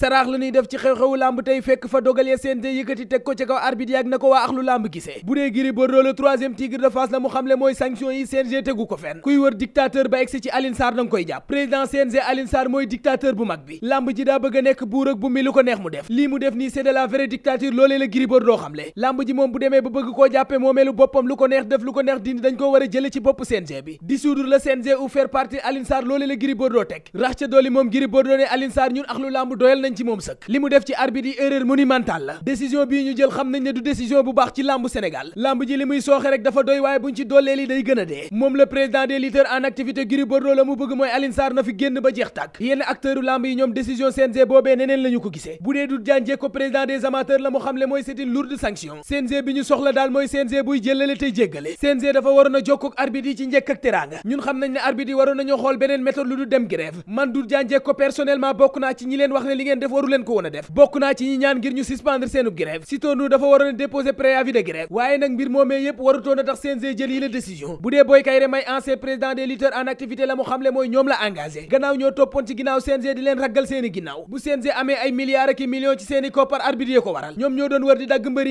saraax la ñuy def ci xew-xewu lamb tey fekk fa dogal ya CNG yëkkati teg ko ca kaw arbitre yaag na ko waa axlu lamb gisee bu dee Gris Bordeaux le troisième tigre de Fass la mu xamle mooy sanction yi CNG tegu ko fenn kuy wër dictateur ba egsi ci Aline Sarr koy jàpp président CNG Aline Sarr mooy dictateur bu mag bi lamb ji daa bëgg a nekk buur ak bu mi lu ko neex mu def lii mu def nii c'est de la vraie dictature loolee la Gris Bordeaux xamle lamb ji moom bu demee bëgg ko neex def lu ko neex a jële ci bopp CNG bi dissoudre le CNG ou faire partir Aline Sarr nañ li mu def ci arbitre yi erreur monumentale la décision bii ñu jël xam nañ ne du décision bu baax ci làmbu Sénégal làmb ji li muy sooxe rek dafa doy waaye buñ ci doolee li day gën a dee moom le président des lutteurs en activité Gris Bordeaux la mu bëgg mooy Alioune na fi génn ba jeex tàkk yenn acteuru làmb yi ñoom décision CNG boobee neneen la ko gisee bu dee du jànjee ko président des amateurs la mu xamle mooy c'est une lourde sanction CNG bi ñu ngeen def waru ko woon def bokk naa ci ñi ñaan ngir ñu suspendre seenub grève Sitor Ndour dafa waroon a déposer préavis de waaye nag mbir moomee yépp warutoon a tax CNG jël yi la décision bu dee Boy Kayré may ancien président des lutteurs en activité la mu xamle mooy ñoom la engagé gannaaw ñoo toppoon ci ginnaaw CNG di leen raggal seeni ginnaaw bu CNG amee ay milliards ak i ci seeni koppar arbitre yee ko waral ñoom ñoo doon war di dagg mbër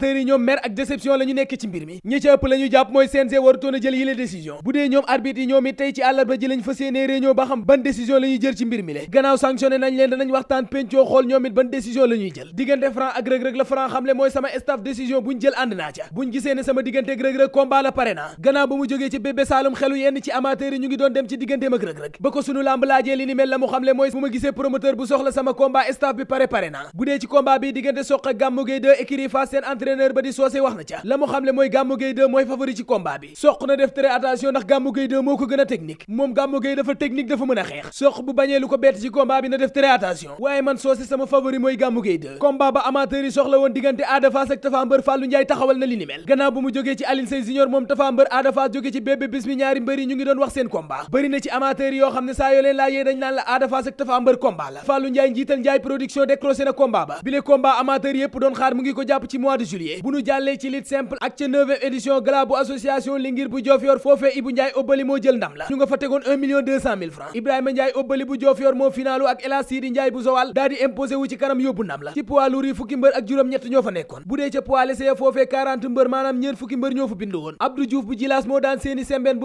sénateur ak déception la ñu ci mbir mi ñi ëpp la jàpp mooy CNG warutoon a jël yile décision bu dee ñoom arbitre yi ñoom tey ci àllarba ji lañ fas yéenee ba xam ban décision la jël ci mbir mi le gannaaw sanctionné nañ leen danañ waxtaan pencoo xool ñoom it décision la jël diggante franc ak rëg-rëg la franc xamle mooy sama staff décision buñ jël ànd naa ca buñ gisee ne sama diggante rëg-rëg ba ko sunu làmb laajee li ni entraîneur ba di soosé wax na ca la mu xamle mooy Gamou Gueye mooy favori ci combat bi soq na def très attention ndax Gamou Gueye moo ko gën a technique moom Gamou dafa technique dafa mën a xeex soq bu bañee lu ko bett ci combat bi na def très attention waaye man soosé sama favori mooy Gamou Gueye 2 ba amateur yi soxla woon diggante Ada ak Tafa Mbër Fallou Ndiaye taxawal na li ni gannaaw bu mu jógee ci Aline Sey Junior moom Tafa Mbër Ada jóge ci juillet bu nu jàllee ci lit simple ak ca neuvième édition gala bu association Lingir bu Diofior foofee Ibou Ndiaye Obali moo jël ndam la ñu nga fa tegoon million francs Ibrahima Ndiaye Obali bu Diofior moo finalu ak El Hadj Sidi Ndiaye bu Zowal daa di ci kanam yóbbu ndam la ci poids lourd fukki mbër ak juróom-ñett ñoo fa nekkoon bu dee ca poids léger foofee mbër maanaam ñeent fukki mbër ñoo fa bindu woon Abdou Diouf bu Jilaas moo daan seeni sembeen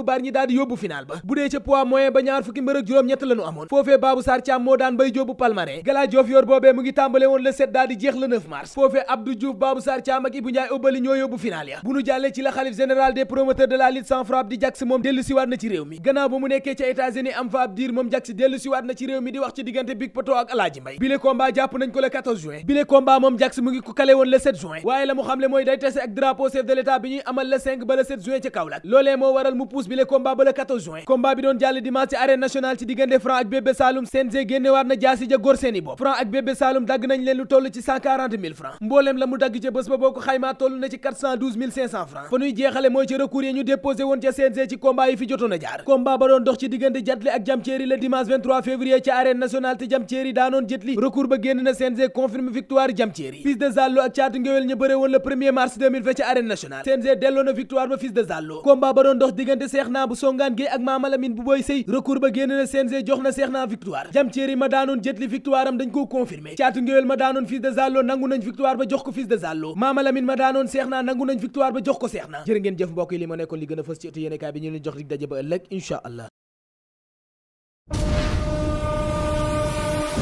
Thiam ak Ibou Ndiaye ñoo yóbbu final ya bu nu jàllee ci la xalif général des promoteurs de la lutte sans Franc ak Bébé Saloum dagg nañ leen lu toll ci 140 000 francs la mu dagg ca bés ba ko xaymaa toll na ci 412 500 francs fa ñuy jeexale mooy ci recours yi ñu déposé woon ca CNG ci combat yi fi jotoon a jaar combat ba doon dox ci diggante Jatle ak Jamceeri le dimanche 23 février ci arène nationale te Jamceeri daanoon Jatli recours ba génn na CNG confirme ci delloo na victoire ba fils de Zallo combat ba doon dox diggante Seex Naa bu Songaan Géey ak Maama bu Boy Sëy recours ba génn na CNG jox na Seex Naa Maama Lamine ma daanoon seex naa nangu nañ victoire ba jox ko seex naa jërë ngeen jëf mbokk yi li ma nekkoon li gën a fës jox dig daje ba ëllëg incha